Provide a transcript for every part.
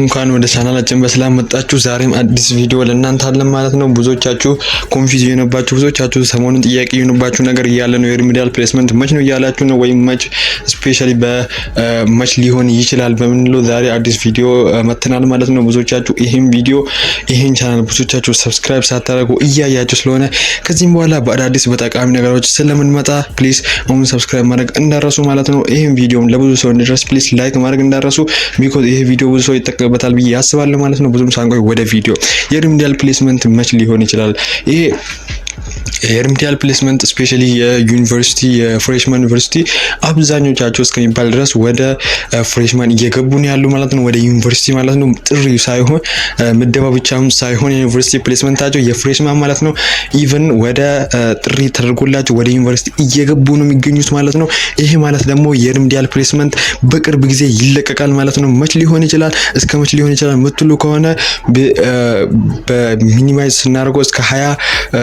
እንኳን ወደ ቻናላችን በሰላም መጣችሁ። ዛሬም አዲስ ቪዲዮ ለእናንተ አለን ማለት ነው። ብዙዎቻችሁ ኮንፊዝ የሆነባችሁ ብዙዎቻችሁ ሰሞኑን ጥያቄ የሆነባችሁ ነገር እያለ ነው የሪሚዲያል ፕሌስመንት መች ነው እያላችሁ ነው፣ ወይም መች ስፔሻሊ በመች ሊሆን ይችላል በምንለው ዛሬ አዲስ ቪዲዮ መተናል ማለት ነው። ብዙዎቻችሁ ይህን ቪዲዮ ይህን ቻናል ብዙዎቻችሁ ሰብስክራይብ ሳታደርጉ እያያችሁ ስለሆነ ከዚህም በኋላ በአዳዲስ በጠቃሚ ነገሮች ስለምንመጣ ፕሊስ አሁን ሰብስክራይብ ማድረግ እንዳረሱ ማለት ነው። ይህን ቪዲዮም ለብዙ ሰው እንዲደርስ ፕሊስ ላይክ ማድረግ እንዳረሱ ቢኮዝ ይህ ቪዲዮ ብዙ ሰው ይጠቀ ተደርሰውበታል ብዬ አስባለሁ ማለት ነው። ብዙም ሳንቆይ ወደ ቪዲዮ የሪሚዲያል ፕሌስመንት መች ሊሆን ይችላል ይሄ የሪሚዲያል ፕሌስመንት ስፔሻሊ የዩኒቨርሲቲ የፍሬሽማን ዩኒቨርሲቲ አብዛኞቻቸው እስከሚባል ድረስ ወደ ፍሬሽማን እየገቡ ነው ያሉ ማለት ነው። ወደ ዩኒቨርሲቲ ማለት ነው። ጥሪ ሳይሆን ምደባ ብቻም ሳይሆን የዩኒቨርሲቲ ፕሌስመንታቸው የፍሬሽማን ማለት ነው። ኢቨን ወደ ጥሪ ተደርጎላቸው ወደ ዩኒቨርሲቲ እየገቡ ነው የሚገኙት ማለት ነው። ይሄ ማለት ደግሞ የሪሚዲያል ፕሌስመንት በቅርብ ጊዜ ይለቀቃል ማለት ነው። መች ሊሆን ይችላል እስከ መች ሊሆን ይችላል ምትሉ ከሆነ በሚኒማይዝ ስናደርገው እስከ ሀያ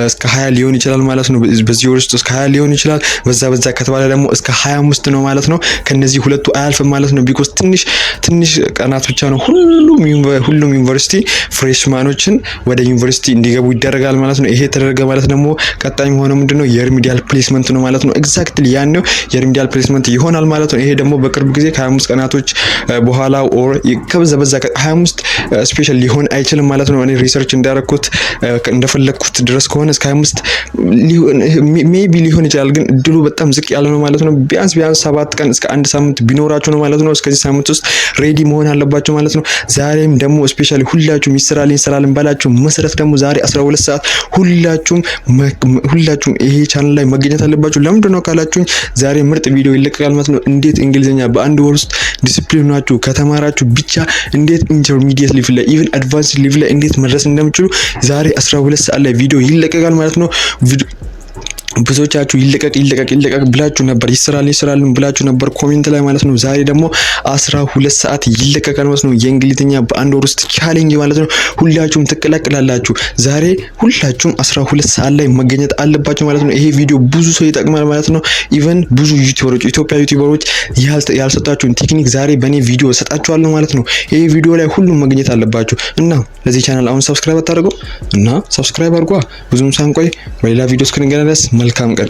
እስከ ሀያ ሊሆን ሊሆን ይችላል ማለት ነው። በዚህ ወር ውስጥ እስከ 20 ሊሆን ይችላል። በዛ በዛ ከተባለ ደግሞ እስከ 25 ነው ማለት ነው። ከነዚህ ሁለቱ አያልፍም ማለት ነው። ቢኮስ ትንሽ ትንሽ ቀናት ብቻ ነው ሁሉም ሁሉም ዩኒቨርሲቲ ፍሬሽማኖችን ወደ ዩኒቨርሲቲ እንዲገቡ ይደረጋል ማለት ነው። ይሄ የተደረገ ማለት ደግሞ ቀጣይ የሆነው ምንድነው የሪሚዲያል ፕሌስመንት ነው ማለት ነው። ኤግዛክትሊ ያኔው የሪሚዲያል ፕሌስመንት ይሆናል ማለት ነው። ይሄ ደግሞ በቅርብ ጊዜ ከ25 ቀናቶች በኋላ ኦር ከበዛ በዛ 25 ስፔሻል ሊሆን አይችልም ማለት ነው። እኔ ሪሰርች እንዳረኩት እንደፈለግኩት ድረስ ከሆነ እስከ 25 ሜቢ ሊሆን ይችላል፣ ግን እድሉ በጣም ዝቅ ያለ ነው ማለት ነው። ቢያንስ ቢያንስ ሰባት ቀን እስከ አንድ ሳምንት ቢኖራቸው ነው ማለት ነው። እስከዚህ ሳምንት ውስጥ ሬዲ መሆን አለባቸው ማለት ነው። ዛሬም ደግሞ ስፔሻሊ ሁላችሁም ይስራልኝ ይሰራልን ባላችሁ መሰረት ደግሞ ዛሬ 12 ሰዓት ሁላችሁም ሁላችሁም ይሄ ቻናል ላይ መገኘት አለባችሁ። ለምንድን ነው ካላችሁኝ ዛሬ ምርጥ ቪዲዮ ይለቀቃል ማለት ነው። እንዴት እንግሊዝኛ በአንድ ወር ውስጥ ዲስፕሊን ናችሁ ከተማራችሁ ብቻ እንዴት ኢንተርሚዲየት ሊቭ ላይ ኢቭን አድቫንስ ሊቭ ላይ እንዴት መድረስ እንደምችሉ ዛሬ 12 ሰዓት ላይ ቪዲዮ ይለቀቃል ማለት ነው። ብዙዎቻችሁ ይለቀቅ ይለቀቅ ይለቀቅ ብላችሁ ነበር፣ ይስራል ይስራል ብላችሁ ነበር ኮሜንት ላይ ማለት ነው። ዛሬ ደግሞ አስራ ሁለት ሰዓት ይለቀቃል ማለት ነው። የእንግሊዝኛ በአንድ ወር ውስጥ ቻሌንጅ ማለት ነው። ሁላችሁም ትቀላቅላላችሁ። ዛሬ ሁላችሁም አስራ ሁለት ሰዓት ላይ መገኘት አለባችሁ ማለት ነው። ይሄ ቪዲዮ ብዙ ሰው ይጠቅማል ማለት ነው። ኢቨን ብዙ ዩቲዩበሮች ኢትዮጵያ ዩቲዩበሮች ያልሰጣችሁን ቴክኒክ ዛሬ በእኔ ቪዲዮ እሰጣችኋለሁ ማለት ነው። ይሄ ቪዲዮ ላይ ሁሉም መገኘት አለባችሁ እና ለዚህ ቻናል አሁን ሰብስክራይብ አታደርገው እና ሰብስክራይብ አድርጓ። ብዙም ሳንቆይ በሌላ ቪዲዮ እስክንገናኝ ድረስ መልካም ቀን